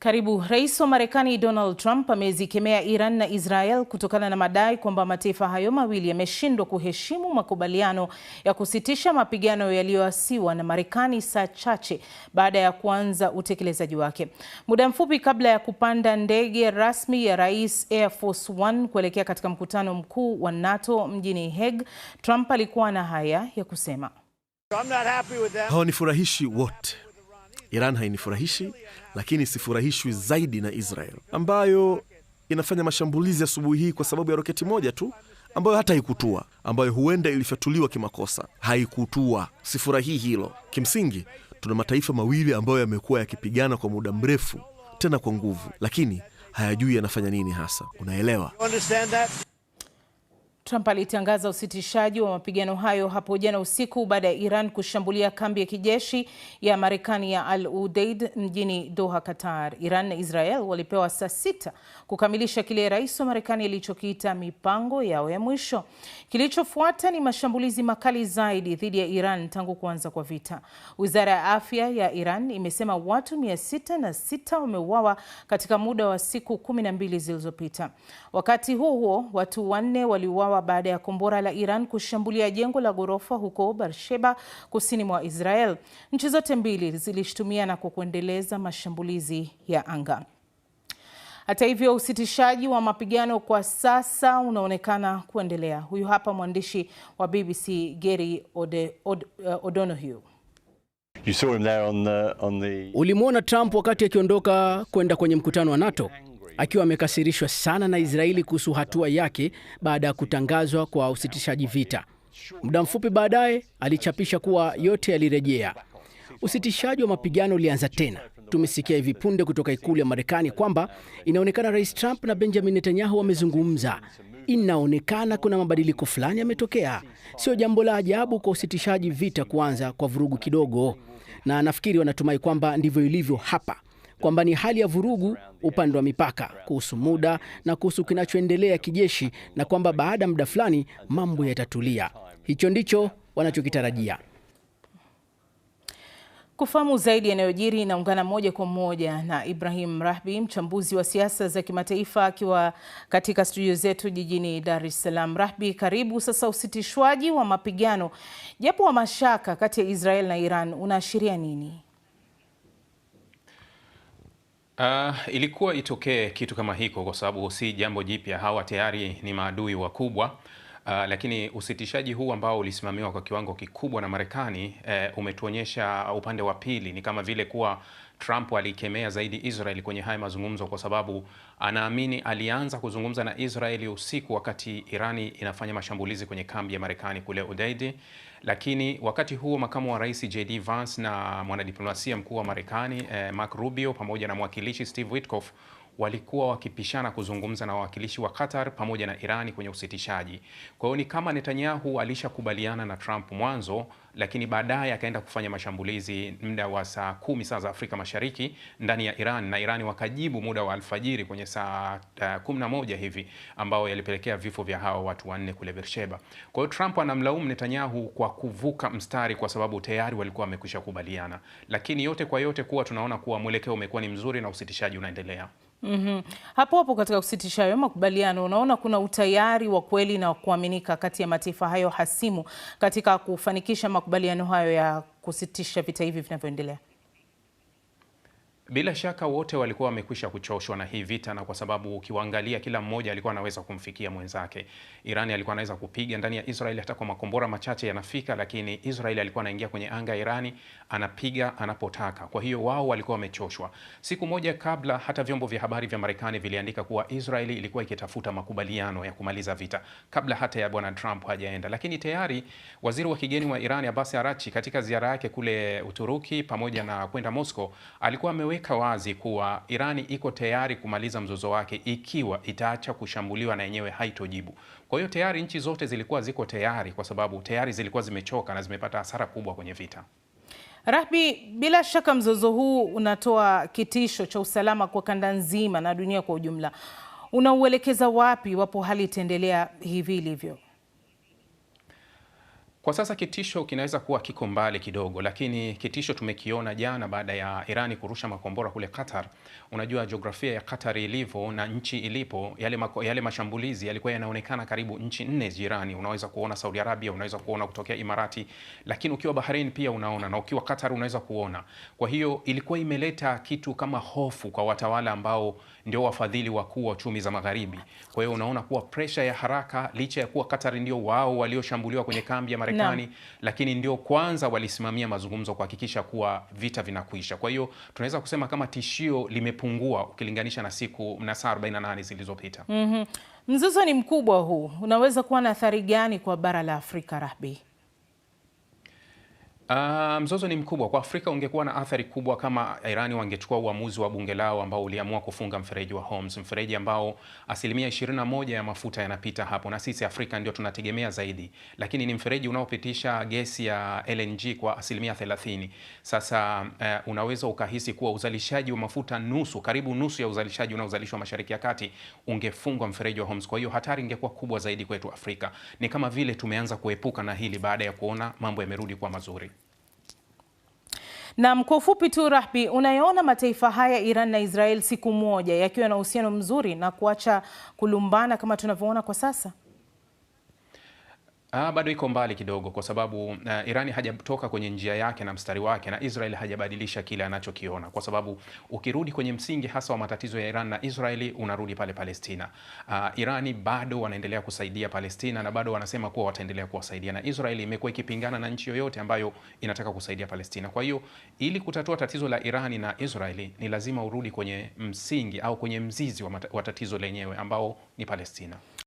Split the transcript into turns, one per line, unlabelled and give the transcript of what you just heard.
Karibu. Rais wa Marekani Donald Trump amezikemea Iran na Israel kutokana na madai kwamba mataifa hayo mawili yameshindwa kuheshimu makubaliano ya kusitisha mapigano yaliyoasiwa na Marekani saa chache baada ya kuanza utekelezaji wake. Muda mfupi kabla ya kupanda ndege rasmi ya Rais Air Force One kuelekea katika mkutano mkuu wa NATO mjini Hague, Trump alikuwa na haya ya kusema.
Hawanifurahishi wote Iran hainifurahishi, lakini sifurahishwi zaidi na Israel ambayo inafanya mashambulizi asubuhi hii kwa sababu ya roketi moja tu ambayo hata haikutua, ambayo huenda ilifyatuliwa kimakosa. Haikutua, sifurahii hilo. Kimsingi tuna mataifa mawili ambayo yamekuwa yakipigana kwa muda mrefu, tena kwa nguvu, lakini hayajui yanafanya nini hasa. Unaelewa?
Trump alitangaza usitishaji wa mapigano hayo hapo jana usiku baada ya Iran kushambulia kambi ya kijeshi ya Marekani ya Al Udeid mjini Doha, Qatar. Iran na Israel walipewa saa sita kukamilisha kile rais wa Marekani alichokiita mipango yao ya mwisho. Kilichofuata ni mashambulizi makali zaidi dhidi ya Iran tangu kuanza kwa vita. Wizara ya afya ya Iran imesema watu sita wameuawa katika muda wa siku mbili zilizopita. Wakati huo huo, watu wanne waliuawa baada ya kombora la Iran kushambulia jengo la ghorofa huko Beersheba, kusini mwa Israel. Nchi zote mbili zilishtumia na kuendeleza mashambulizi ya anga. Hata hivyo, usitishaji wa mapigano kwa sasa unaonekana kuendelea. Huyu hapa mwandishi wa BBC Gary O'Donoghue.
Ulimwona Trump wakati akiondoka kwenda kwenye mkutano wa NATO akiwa amekasirishwa sana na Israeli kuhusu hatua yake baada ya kutangazwa kwa usitishaji vita. Muda mfupi baadaye alichapisha kuwa yote yalirejea. Usitishaji wa mapigano ulianza tena. Tumesikia hivi punde kutoka ikulu ya Marekani kwamba inaonekana Rais Trump na Benjamin Netanyahu wamezungumza. Inaonekana kuna mabadiliko fulani yametokea. Sio jambo la ajabu kwa usitishaji vita kuanza kwa vurugu kidogo, na nafikiri wanatumai kwamba ndivyo ilivyo hapa kwamba ni hali ya vurugu upande wa mipaka kuhusu muda na kuhusu kinachoendelea kijeshi, na kwamba baada ya muda fulani mambo yatatulia. Hicho ndicho wanachokitarajia.
Kufahamu zaidi yanayojiri, naungana moja kwa moja na Ibrahim Rahbi, mchambuzi wa siasa za kimataifa akiwa katika studio zetu jijini Dar es Salaam. Rahbi, karibu. Sasa usitishwaji wa mapigano japo wa mashaka kati ya Israel na Iran unaashiria nini?
Uh, ilikuwa itokee kitu kama hiko kwa sababu si jambo jipya, hawa tayari ni maadui wakubwa. Uh, lakini usitishaji huu ambao ulisimamiwa kwa kiwango kikubwa na Marekani uh, umetuonyesha upande wa pili, ni kama vile kuwa Trump alikemea zaidi Israel kwenye haya mazungumzo kwa sababu anaamini alianza kuzungumza na Israeli usiku wakati Irani inafanya mashambulizi kwenye kambi ya Marekani kule Udeidi, lakini wakati huo makamu wa rais JD Vance na mwanadiplomasia mkuu wa Marekani eh, Mark Rubio pamoja na mwakilishi Steve Witkoff walikuwa wakipishana kuzungumza na wawakilishi wa Qatar pamoja na Irani kwenye usitishaji. Kwa hiyo ni kama Netanyahu alishakubaliana na Trump mwanzo, lakini baadaye akaenda kufanya mashambulizi muda wa saa kumi saa za Afrika Mashariki ndani ya Iran na Irani wakajibu muda wa alfajiri kwenye saa uh, kumi na moja hivi ambao yalipelekea vifo vya hawa watu wanne kule Beersheba. Kwa hiyo Trump anamlaumu Netanyahu kwa kuvuka mstari kwa sababu tayari walikuwa wamekwisha kubaliana, lakini yote kwa yote kuwa tunaona kuwa mwelekeo umekuwa ni mzuri na usitishaji unaendelea. Mm
-hmm. Hapo hapo katika kusitisha hayo makubaliano, unaona kuna utayari wa kweli na kuaminika kati ya mataifa hayo hasimu katika kufanikisha makubaliano hayo ya kusitisha vita hivi vinavyoendelea?
Bila shaka wote walikuwa wamekwisha kuchoshwa na hii vita, na kwa sababu ukiangalia kila mmoja alikuwa anaweza kumfikia mwenzake. Irani alikuwa anaweza kupiga ndani ya Israel hata kwa makombora machache yanafika, lakini Israel alikuwa anaingia kwenye anga ya Irani anapiga anapotaka. Kwa hiyo wao walikuwa wamechoshwa. Siku moja kabla, hata vyombo vya habari vya Marekani viliandika kuwa Israeli ilikuwa ikitafuta makubaliano ya kumaliza vita kabla hata ya bwana Trump hajaenda, lakini tayari waziri wa kigeni wa Irani Abbas Arachi katika ziara yake kule Uturuki pamoja na kwenda Moscow alikuwa ame imeweka wazi kuwa Irani iko tayari kumaliza mzozo wake ikiwa itaacha kushambuliwa na yenyewe haitojibu. Kwa hiyo tayari nchi zote zilikuwa ziko tayari kwa sababu tayari zilikuwa zimechoka na zimepata hasara kubwa kwenye vita.
Rahbi, bila shaka mzozo huu unatoa kitisho cha usalama kwa kanda nzima na dunia kwa ujumla. Unauelekeza wapi iwapo hali itaendelea hivi ilivyo?
Kwa sasa kitisho kinaweza kuwa kiko mbali kidogo, lakini kitisho tumekiona jana baada ya Irani kurusha makombora kule Qatar. Unajua jiografia ya Qatar ilivyo na nchi ilipo, yale, mako, yale mashambulizi yalikuwa yanaonekana karibu nchi nne jirani. Unaweza kuona Saudi Arabia, unaweza kuona kutokea Imarati, lakini ukiwa Bahrain pia unaona na ukiwa Qatar unaweza kuona. Kwa hiyo ilikuwa imeleta kitu kama hofu kwa watawala ambao ndio wafadhili wakuu wa uchumi za Magharibi. Kwa hiyo unaona kuwa presha ya haraka, licha ya kuwa Qatar ndio wao walioshambuliwa kwenye kambi ya Marekani no. Lakini ndio kwanza walisimamia mazungumzo kuhakikisha kuwa vita vinakuisha Kwa hiyo tunaweza kusema kama tishio limepungua ukilinganisha na siku na saa 48 zilizopita. mm -hmm.
Mzozo ni mkubwa huu, unaweza kuwa na athari gani kwa bara la Afrika Rahbi?
Uh, mzozo ni mkubwa kwa Afrika. Ungekuwa na athari kubwa kama Irani wangechukua uamuzi wa bunge lao ambao uliamua kufunga mfereji wa Hormuz, mfereji ambao asilimia 21 ya mafuta yanapita hapo, na sisi Afrika ndio tunategemea zaidi, lakini ni mfereji unaopitisha gesi ya LNG kwa asilimia 30. Sasa uh, unaweza ukahisi kuwa uzalishaji wa mafuta nusu, karibu nusu ya uzalishaji unaozalishwa Mashariki ya Kati ungefungwa mfereji wa Hormuz. Kwa hiyo hatari ingekuwa kubwa zaidi kwetu Afrika. Ni kama vile tumeanza kuepuka na hili baada ya kuona mambo yamerudi kwa mazuri.
Na kwa ufupi tu Rahbi, unayoona mataifa haya Iran na Israel siku moja yakiwa na uhusiano mzuri na kuacha kulumbana kama tunavyoona kwa sasa?
Ah, bado iko mbali kidogo kwa sababu uh, eh, Irani hajatoka kwenye njia yake na mstari wake na Israeli hajabadilisha kile anachokiona, kwa sababu ukirudi kwenye msingi hasa wa matatizo ya Iran na Israeli unarudi pale Palestina. Uh, ah, Irani bado wanaendelea kusaidia Palestina na bado wanasema kuwa wataendelea kuwasaidia, na Israeli imekuwa ikipingana na nchi yoyote ambayo inataka kusaidia Palestina. Kwa hiyo ili kutatua tatizo la Irani na Israeli ni lazima urudi kwenye msingi au kwenye mzizi wa, wa tatizo lenyewe ambao ni Palestina.